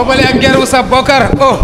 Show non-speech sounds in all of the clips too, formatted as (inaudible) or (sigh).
Fobali ak Guerre Oussab Bokar oh.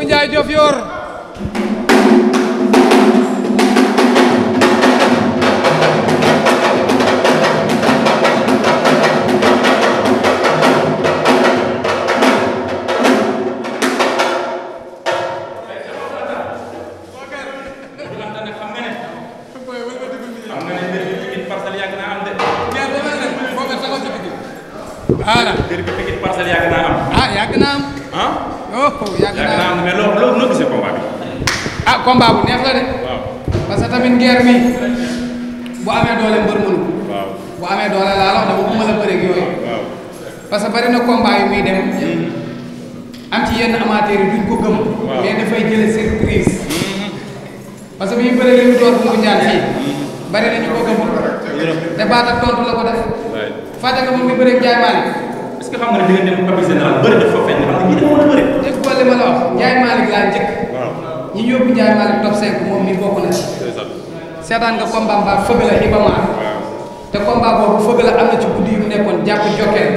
Ibou Ndiaye Diofior voilà. dër bi Pikine parcelle yàgg naa am. ah yàgg naa am. ah. oh yàgg naa ah, bu neex la de. parce que tamit guerre bi bu amee doole mbër bu amee doole laa la wax dama mën a bëre ak yooyu. parce que bari na combat yu muy dem. am ci yenn amateurs yi duñ ko gëm. mais dafay jëlee surprise. Mm-hmm. parce que bi ñu bëree li mu bu mu ñaan bari na ñu ko gëm. te baat ak tontu la ko def. fàtte nga moom mi bëree jaay maale. est-ce que xam nga ne dina dem papi général bëri def fa fenn xam nga ñi demoon a bëri déggoole ma la wax Ndiaye Malick laa moom te combat na ci guddi yu nekkoon jàpp jokkeel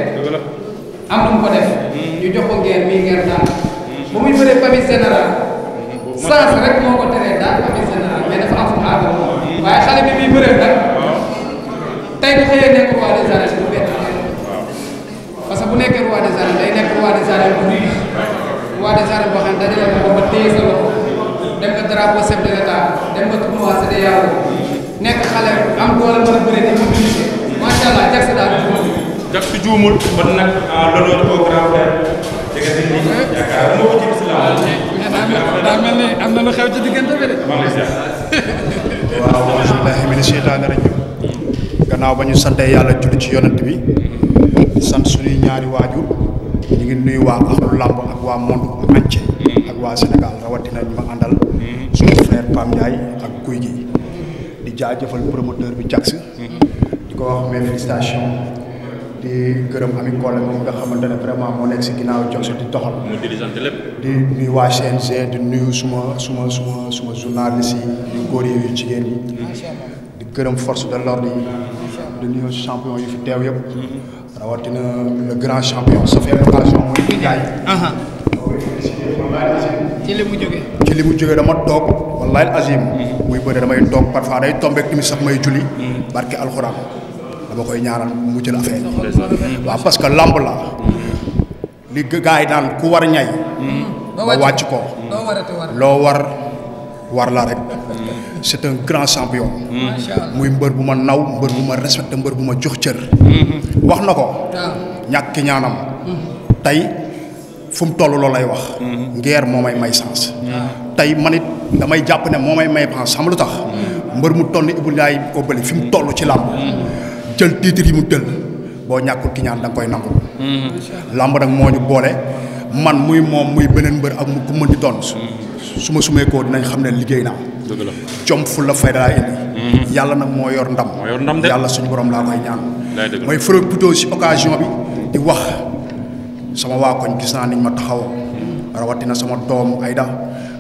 am ko mm-hmm. ñu jox ko ngeer mii ngeer daan mm-hmm. mm-hmm. rek teree daan papi général mais dafa am fu mu aadoo waaye xale bi téye sa loxo dem nga drapeau chef de l'état dem nga tournoi CEDEAO nekk xale am doole mën a bëre di mobiliser macha allah jag si daal di ko. jag si juumul kon nag ah, l'honneur au grand frère jege si nit yaakaar moo ko jëm si la daa mel ni am na lu xew ci diggante bi de. waaw auzu billaahi mina sheytaani rajiim gannaaw ba ñu santee yàlla julli ci yonent bi di sant suñuy ñaari waajur ñu ngi nuyu waa axlu làmb ak waa monde entier waa Sénégal rawatina ñu ma àndal. Mm-hmm. suñu frère Pam Ndiaye ak Guy gi di jaajëfal promoteur bi Jax. Mm-hmm. di ko wax mes félicitations. di gërëm ami Kole moom nga xamante vraiment moo nekk si ginnaaw jox di doxal. moo dirigeante lépp. di nuyu waa CNG di nuyu suma suma suma suma journaliste yi ñu góor yi yu jigéen yi. Mm-hmm. di gërëm force de l'ordre yi. di nuyu champion yu fi teew yëpp. rawatina le grand champion. su fekkee occasion mooy Ndiaye. Uh-huh. ci li mu jógee. ci li mu jógee dama toog wallaahi azim. muy mm-hmm. bëre damay toog parfois day tombeek tamit sax may julli. Mm-hmm. barke alxuraan dama koy ñaanal mu jël affaire yi. Mm-hmm. waaw parce que lamb la. li gars daan ku war ñay. ba wàcc ko loo war war la rek. c'est un grand champion. muy mbër bu ma naw mbër bu ma respecté mbër bu ma jox cër. wax na ko. ñàkk ñaanam. tey. fu mu toll loolu lay wax. Mhm. ngeer moo may may sens. Ah. tey man it damay jàpp ne moo may may sens xam lu tax. Mhm. mbër mu toll ni Ibou Ndiaye Obali fi mu toll ci làmb. Mhm. jël titre yi mu jël boo ñàkkul ki ñaan da koy nangu. làmb nag moo ñu boole man muy moom muy beneen mbër ak mu ku mën di doon. su ma sumee koo dinañ xam ne liggéey naa. dëgg la jom fay daa indi. yàlla nag moo yor ndam. moo yor ndam yàlla suñu borom laa koy ñaan. mooy profité ci occasion bi di wax. sama waa koñ gis naa niñ ma taxawoo rawatina sama doom Ayda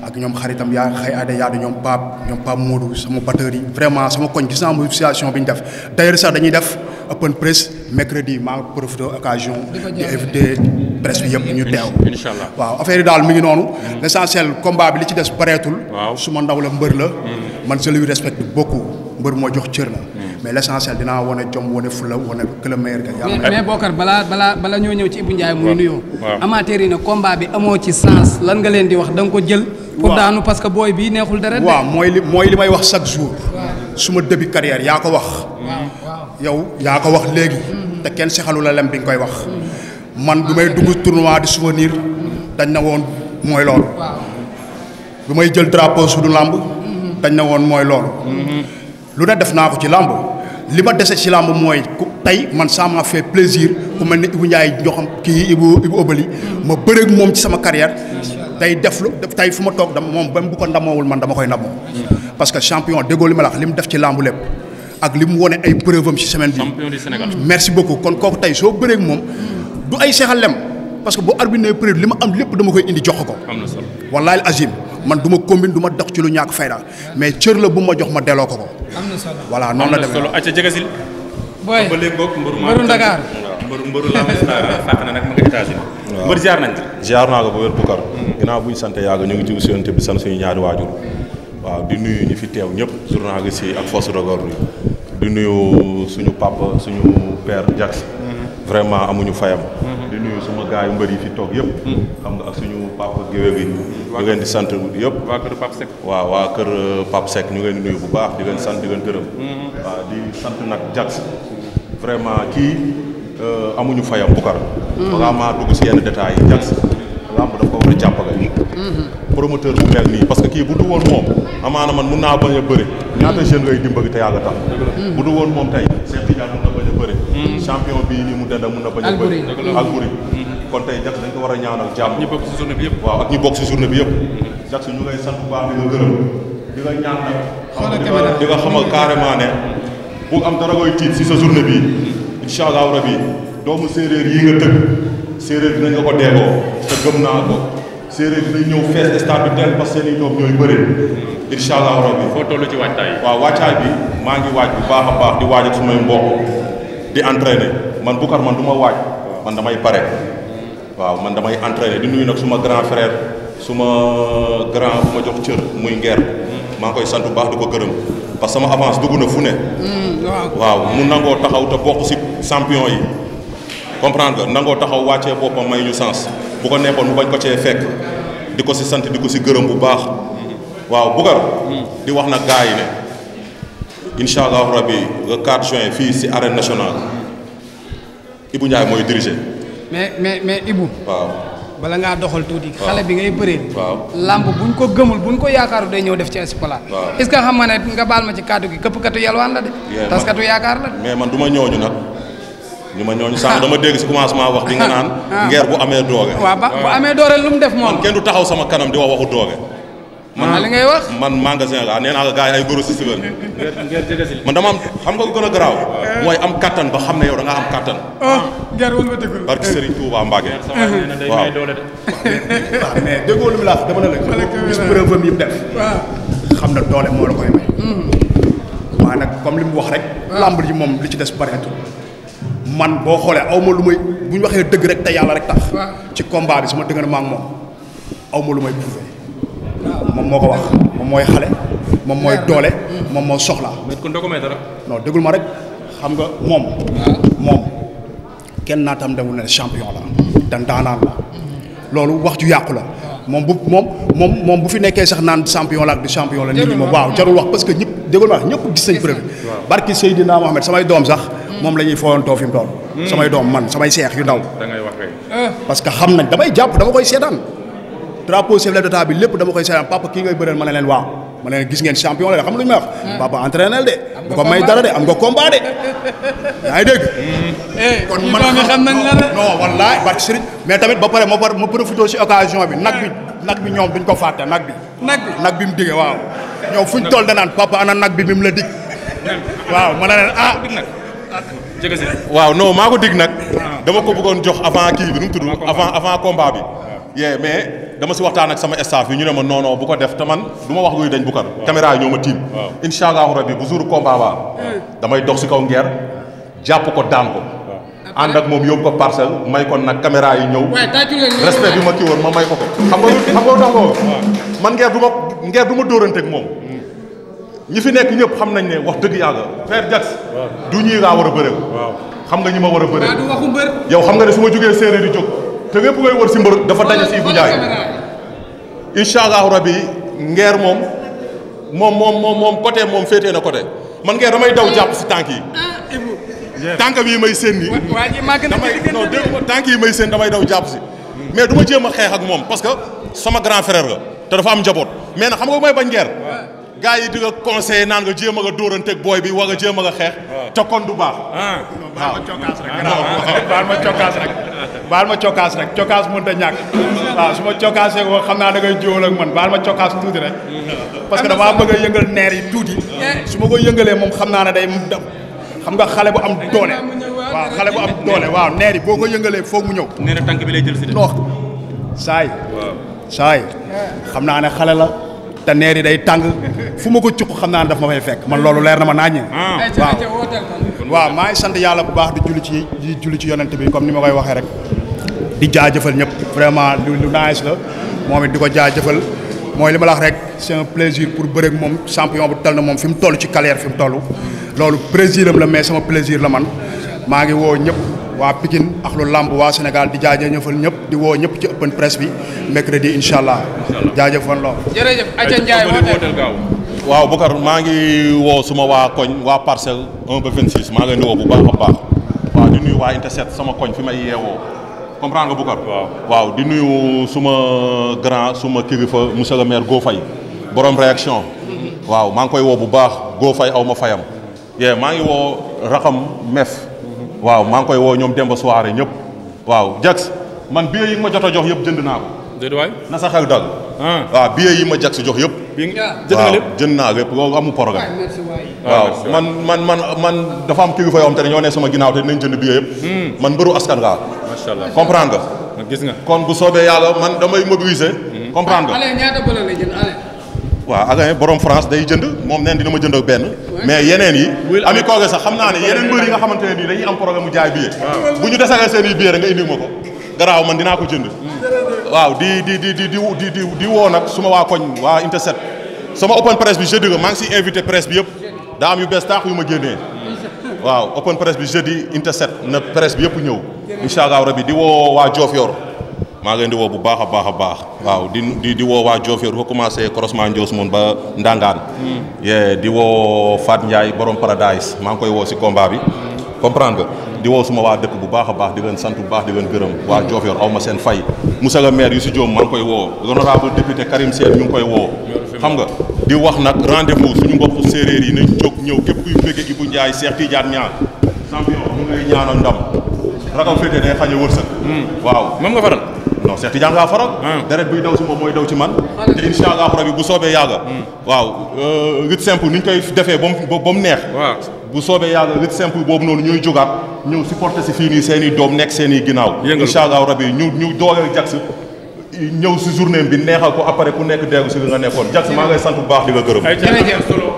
ak ñoom xaritam yaa xëy Ayda yaa di ñoom Pape ñoom Pape Modou sama batteur yi vraiment sama koñ gis naa mobilisation bi ñu def d'ailleurs sax dañuy def open press mercredi maa profité occasion di presse bi yëpp ñu teew inshallah waaw affaire yi daal mi ngi noonu mm. l'essentiel combat bi li ci des bareetul su ma ndaw la mbër la mm. man je lui respecte beaucoup mbër moo jox cër la mm. mais l'essentiel dinaa wane jom wane fula wane que le meilleur gagne mais balaa balaa balaa ñoo ñëw ci Ibou Ndiaye muy nuyoo amateur yi ne combat bi amoo ci sens lan nga leen di wax danga nga ko jël pour daanu parce que booy bii neexul dara waaw mooy li mooy li may wax chaque jour suma début carrière yaa ko wax yow yaa ko wax léegi mm-hmm. te kenn si la lem bi nga koy wax mm-hmm. man bi may dugg tournoi di souvenir dañ na woon mooy loolu bi may jël drapeau sudu làmb mm-hmm. dañ na woon mooy loolu mm-hmm. lu ne def naa ko ci làmb li ma dese ci làmb mooy ku tey man ça m'a fait plaisir ku mel ni Ibou Ndiaye kii Ibou Ibou Obali mm-hmm. ma bëreeg moom ci sama carrière tey def lu tey fu ma toog dama moom même bu ko ndamoowul man dama koy ndamoo parce que champion déggoo li ma la li mu def ci làmb lépp ak li mu wone ay preuve am ci semaine bi merci beaucoup kon kooku tey soo bëreek moom du ay seexal lem parce que boo arbitre période li ma am lépp dama koy indi jox ko. am na solo wallaahi azim man du ma combine du ma dox ci lu ñàkk fayda mais cër la bu ma jox ma delloo ko ko. am voilà noonu la demee am na solo jege si. booy mbëru Dakar mbëru mbëru ma nga États-Unis. waaw mbër jaar nañ ci. jaar naa ko ba wér Bukar. ginnaaw bu ñu sant yàgg ñu ngi ci usiante bi sant suñu ñaari waajur. waaw di nuyu ñi fi teew ñëpp journaliste yi ak force de l'ordre di nuyu suñu papa suñu père Jackson vraiment amuñu fayam. Mhm. di nuyu suma gars yu mbër yi fi toog yëpp. Mhm. xam nga ak su ñu papa géwél yi. ñu leen di sant yëpp. waa kër Pape Seck. waaw waa kër euh, Pape Seck ñu leen di nuyu bu baax di leen sant di leen gërëm. Mhm. waaw di nag Jax vraiment kii euh, amuñu fayam Boucar. vraiment dugg si yenn détails yi Jax lamb dafa ko war a jàppale. promoteur bu mel nii parce que kii bu du woon moom amaana man mun naa bañ a bëri. ñaata jeune ngay dimbali te yàlla tax. bu du woon moom tey. champion bii nii mu denda mun na bañ a bëri Albouri kon tey Jax dañ ko war a ñaanal jàmm ñi bokk si journée bi yëpp waaw ak ñi bokk si journée bi yëpp mm-hmm. Jax ñu ngay sant bu baax di nga gërëm di xamal carrément ne bu am dara koy tiit si sa journée bi mm-hmm. incha allahu bi doomu séeréer yi nga tëgg séeréer dinañ nga ko deegoo te gëm naa ko séeréer dinañ ñëw fees stade bi teel parce que seen i bëri mm-hmm. incha allahu rabi foo toll ci waajtaay waaw waajtaay bi maa ngi waaj bu baax a baax di waaj ak di entraîner man Boucar man du ma waaj man damay pare waaw man damay entraîner di nuyu nag suma grand frère suma grand bu ma jox cër muy ngeer maa ngi koy sant bu baax di ko gërëm parce que sama avance dugg na fu ne. Hmm, waaw mu nangoo taxaw te bokk si champion yi comprendre nga nangoo taxaw wàccee boppam may ñu sens bu ko nekkoon mu bañ ko cee fekk di ko si sant di ko si gërëm bu baax waaw Boucar hmm. di wax na gars yi ne. incha allahu rabi le 4 join fii si arène nationale Ibou Ndiaye mooy diriger. mais mais mais Ibou. waaw bala ngaa doxal tuuti. xale bi ngay bëree. waaw bu buñ ko gëmul buñ ko yaakaaru day ñëw def ci espoir. waaw est ce que xam ne nga baal ma ci kàddu gi këpp katu yalwaan la de. taskatu yaakaar la mais man duma ma ñooñu nag. ñu ma ñooñu sànq ah. dama dégg si commencement wax bi nga ah. naan. Ah. ngeer bu amee doole. waaw ba bu amee doole lu mu def moom. man kenn du taxaw sama kanam di wax man naa li ngay wax man magasin la nee naa la gars yi ay grossiste la. man dama am xam nga gën a garaaw. mooy am kattan ba xam ne yow da am kattan. ah jar woon nga déglu. barke Serigne Touba Mbacke. waaw mais déggoo lu mu laaf dama ne la. gis am yi mu xam na doole moo la koy may. Hmm. waaye nag comme li mu wax rek. Ah. lamb ji moom li ci des bareetul. man boo xoolee aw ma lu may bu ñu waxee dëgg rek te yàlla rek tax. ci combat bi sama dëgg na ma ak moom aw ma lu may prouvé. moom moo ko wax moom mooy xale moom mooy toole moom moo soxla non déglu ma rek xam nga moom moom kenn naatam dewul ne champion la te ndaanaan la loolu wax ju yàqu la moom bu moom moom moom bu fi nekkee sax naan champion la ak du champion la nit ñi moom waaw jarul wax parce que ñëpp déglu ma wax ñëpp gis nañ preuve barki Seydina Mohamed samay doom sax mm. moom la ñuy fooyantoo fi mu mm. samay doom man samay seex yu ndaw eh. parce que xam nañ damay jàpp dama koy seetaan drapeau chef de bi lépp dama koy seetaan papa kii ngay bëreel ma ne leen waaw ma ne leen gis ngeen champion la de xam lu ñu hmm. papa entraînel de. bu ko may dara de am nga combat de. (laughs) yaa ngi dégg. Eh, hmm. kon man xam mais tamit ba pare ma par ma profité si occasion bi nag bi nag bi ñoom duñ ko fàtte nag bi. nag bi nag bi mu diggee waaw. ñoom fuñ toll danaan papa ana nag bi bi mu la dig. waaw ma ne leen ah. waaw no maa ko dig nag. Ah. dama ko bëggoon jox avant kii bi nu mu tudd. avant avant combat bi. Ah. mais. dama si waxtaan ak sama staff yi ñu ne ma non non bu ko def te man du ma wax luy dañ Boucar caméra yi ñoo ma tiim incha allahu rabbi bu jour combat ba hmm. damay dox si kaw ngeer jàpp ko daan ko ànd ak moom yóbbu ko parcelle may ko nag caméra yi ñëw respect bi ma kii woon ma may ko ko xam nga xam man ngeer du ma ngeer du ma dóorante ak hmm. fi nekk ñëpp xam nañ ne wax dëgg yàlla Père Jax du ñuy laa war a bëréew xam nga ñi ma war a bëréew yow xam nga ne su ma jógee séeréer di jóg te lépp ngay wër si mbër dafa daje si bu Ndiaye incha allahu bi ngeer moom moom moom moom moom côté moom féetee na côté man ngeer damay daw jàpp si tànk yi. Ah, ah, tànk yi may séen nii. màgg na ci tànk yi may seen damay daw jàpp si. mais du ma jéem a xeex ak moom parce que sama grand frère la te dafa am njaboot mais na xam nga may bañ ngeer. gaa yi di conseil conseillé naan nga jéem a nga dóoranteeg booy bi war nga jéem a nga xeex. te kon du baax. Ah. baal ma cokkaas rek cokkaas mënut a ñàkk waaw su ma cokkaasee ko xam naa da ngay jiwal ak man baal ma cokkaas tuuti rek parce que damaa bëgg a yëngal neer yi tuuti su ma koy yëngalee moom xam naa ne day dem xam nga xale bu am doole waaw xale bu am doole waaw neer yi boo ko yëngalee foog mu ñëw neer tànk bi lay jël si de non saay saay xam naa ne xale la te neer day tàng fu ma ko cuq xam naa ne daf ma fay fekk man loolu leer na ma naaññee ah. waaw waaw maa ngi sant yàlla bu baax di julli ci di julli ci yonent bi comme ni ma koy waxee rek di jaajëfal ñëpp vraiment lu lu nice la moom it di ko jaajëfal mooy li ma la rek c'est un plaisir pour bëre moom champion bu tal na moom fi mu toll ci carrière fi mu toll loolu plaisir am la mais sama plaisir la man maa ngi woo ñëpp waa Pikine ak lu làmb waa Sénégal di jaajëfal ñëpp di woo ñëpp ci open presse bi mercredi incha allah. incha allah jaajëfal lool. jërëjëf Adja waaw Boucar maa ngi woo suma waa koñ waa parcelle 1 ba 26 maa ngi leen di woo bu baax baax waa Inteset sama koñ fi may yeewoo. comprendre nga Boucar. waaw waaw di nuyu suma grand suma kilifa monsieur le maire Go Faye borom réaction. waaw maa ngi koy woo bu baax Go Faye aw ma fayam. yee maa ngi woo raxam mef. waaw maa ngi koy woo ñoom Demba soirée ñëpp. waaw Jax man billet yi ma jot a jox yëpp jënd naa ko. na sa xel dal. Ah. waaw yi ma Jax jox yëpp bi jënd nga lépp jënd naa lépp loolu amu programme ah, ah, waaw man man man man dafa am kilifa yoo xam te ne ne sama ginnaaw te dinañ jënd billet yëpp hmm. man mbëru askan laa gis nga kon bu soobee yàlla man damay mobiliser hmm. comprendre nga ah, waaw ak borom France day jënd moom neen dina ma jënd benn mais yeneen yi ami kooge sax xam naa ne yeneen mbër yi nga xamante ne nii dañuy am programme mu jaay billet bu ñu desalee seen i nga indi ko garaaw man dinaa ko jënd waaw di di di di di di di woo nag suma waa koñ waa Unité sama open presse bi jeudi ga maa ngi siy invité presse bi yëpp daam yu bees taax yu ma génnee waaw open presse bi jeudi Unité na presse bi yëpp ñëw incha allah rabi di woo waa Diofior maa ngi leen di woo bu baax a baax a baax waaw di di di woo waa Diofior fa commencé croisement Ndios moon ba Ndangaan. Hmm. di woo faat Ndiaye borom Paradise maa ngi koy woo si kombaa bi. comprendre nga di woo suma waa dëkk bu baax a baax di leen sant bu baax di leen gërëm waa Diofior awma seen fay monsieur le maire Youssou Diop maa ngi koy woo l'honorable député Karim Sène ñu ngi koy woo xam nga di wax nag rendez-vous suñu mbokk séeréer yi nañ jóg ñëw képp kuy bëgg Ibou Ndiaye Cheikh Tidiane Niang champion ñu ngay ñaanal ndam ragal féete day xañ a wërsëg hmm. waaw moom nga faral non Cheikh Tidiane ngaa faral hmm. deret buy daw si mooy daw ci man te insha allah bu soobee yàlla lutte simple boobu noonu ñooy jógaat ñëw supporter si fii nii seeni i doom nekk seeni i ginnaaw. incha allahu rabi ñu ñu dooleel Jax ñëw si journée bi neexal ko après ku nekk dégg si li nga nekkoon Jax maa ngay sant bu baax di nga gërëm.